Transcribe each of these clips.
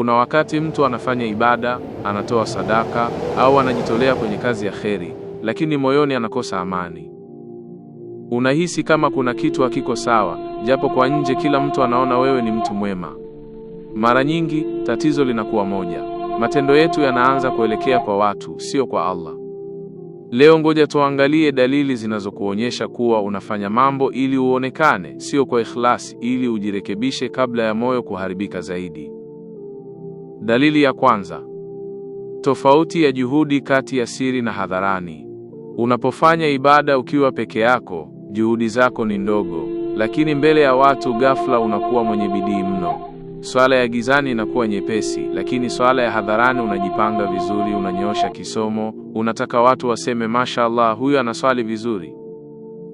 Kuna wakati mtu anafanya ibada, anatoa sadaka au anajitolea kwenye kazi ya kheri, lakini moyoni anakosa amani. Unahisi kama kuna kitu hakiko sawa, japo kwa nje kila mtu anaona wewe ni mtu mwema. Mara nyingi tatizo linakuwa moja, matendo yetu yanaanza kuelekea kwa watu, sio kwa Allah. Leo ngoja tuangalie dalili zinazokuonyesha kuwa unafanya mambo ili uonekane, sio kwa ikhlasi, ili ujirekebishe kabla ya moyo kuharibika zaidi. Dalili ya kwanza, tofauti ya juhudi kati ya siri na hadharani. Unapofanya ibada ukiwa peke yako, juhudi zako ni ndogo, lakini mbele ya watu, ghafla unakuwa mwenye bidii mno. Swala ya gizani inakuwa nyepesi, lakini swala ya hadharani unajipanga vizuri, unanyosha kisomo, unataka watu waseme mashallah huyu anaswali vizuri.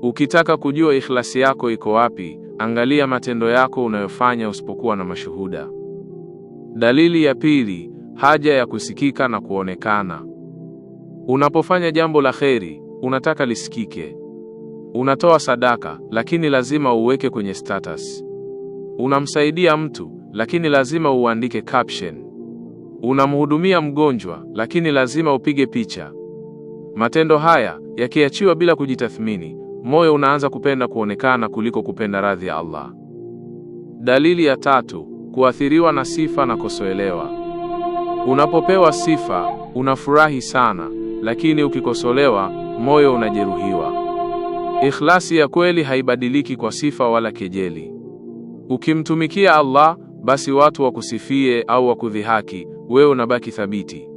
Ukitaka kujua ikhlasi yako iko wapi, angalia matendo yako unayofanya usipokuwa na mashuhuda. Dalili ya pili, haja ya kusikika na kuonekana. Unapofanya jambo la kheri, unataka lisikike. Unatoa sadaka, lakini lazima uweke kwenye status. Unamsaidia mtu, lakini lazima uandike caption. Unamhudumia mgonjwa, lakini lazima upige picha. Matendo haya yakiachiwa bila kujitathmini, moyo unaanza kupenda kuonekana kuliko kupenda radhi ya Allah. Dalili ya tatu kuathiriwa na sifa na kosoelewa. Unapopewa sifa unafurahi sana, lakini ukikosolewa moyo unajeruhiwa. Ikhlasi ya kweli haibadiliki kwa sifa wala kejeli. Ukimtumikia Allah, basi watu wakusifie au wakudhihaki, wewe unabaki thabiti.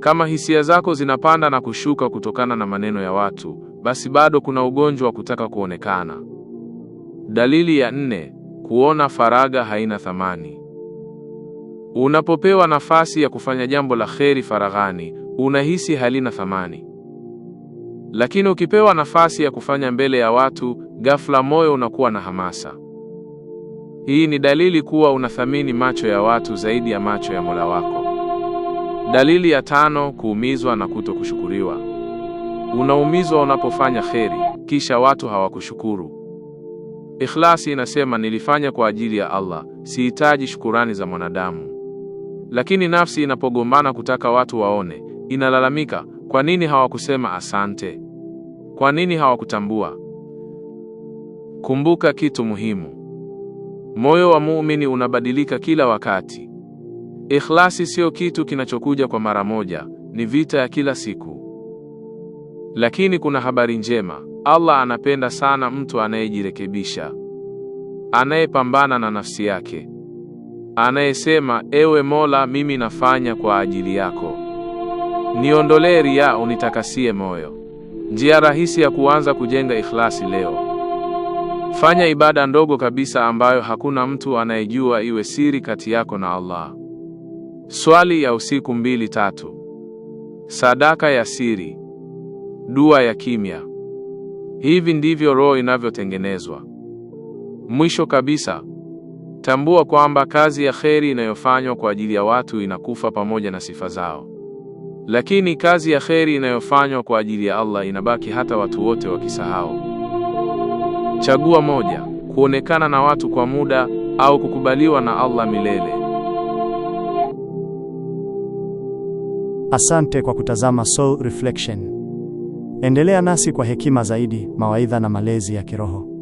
Kama hisia zako zinapanda na kushuka kutokana na maneno ya watu, basi bado kuna ugonjwa wa kutaka kuonekana. Dalili ya nne: kuona faragha haina thamani. Unapopewa nafasi ya kufanya jambo la kheri faraghani, unahisi halina thamani, lakini ukipewa nafasi ya kufanya mbele ya watu, ghafla moyo unakuwa na hamasa. Hii ni dalili kuwa unathamini macho ya watu zaidi ya macho ya Mola wako. Dalili ya tano: kuumizwa na kutokushukuriwa. Unaumizwa unapofanya kheri, kisha watu hawakushukuru. Ikhlasi inasema nilifanya kwa ajili ya Allah, sihitaji shukurani za mwanadamu. Lakini nafsi inapogombana kutaka watu waone, inalalamika, kwa nini hawakusema asante? Kwa nini hawakutambua? Kumbuka kitu muhimu. Moyo wa muumini unabadilika kila wakati. Ikhlasi siyo kitu kinachokuja kwa mara moja, ni vita ya kila siku. Lakini kuna habari njema. Allah anapenda sana mtu anayejirekebisha, anayepambana na nafsi yake, anayesema ewe Mola, mimi nafanya kwa ajili yako, niondolee ria unitakasie moyo. Njia rahisi ya kuanza kujenga ikhlasi leo: fanya ibada ndogo kabisa ambayo hakuna mtu anayejua, iwe siri kati yako na Allah. Swali ya usiku mbili tatu, sadaka ya siri, dua ya kimya. Hivi ndivyo roho inavyotengenezwa. Mwisho kabisa, tambua kwamba kazi ya kheri inayofanywa kwa ajili ya watu inakufa pamoja na sifa zao, lakini kazi ya kheri inayofanywa kwa ajili ya Allah inabaki hata watu wote wakisahau. Chagua moja: kuonekana na watu kwa muda au kukubaliwa na Allah milele. Asante kwa kutazama Soul Reflection. Endelea nasi kwa hekima zaidi, mawaidha na malezi ya kiroho.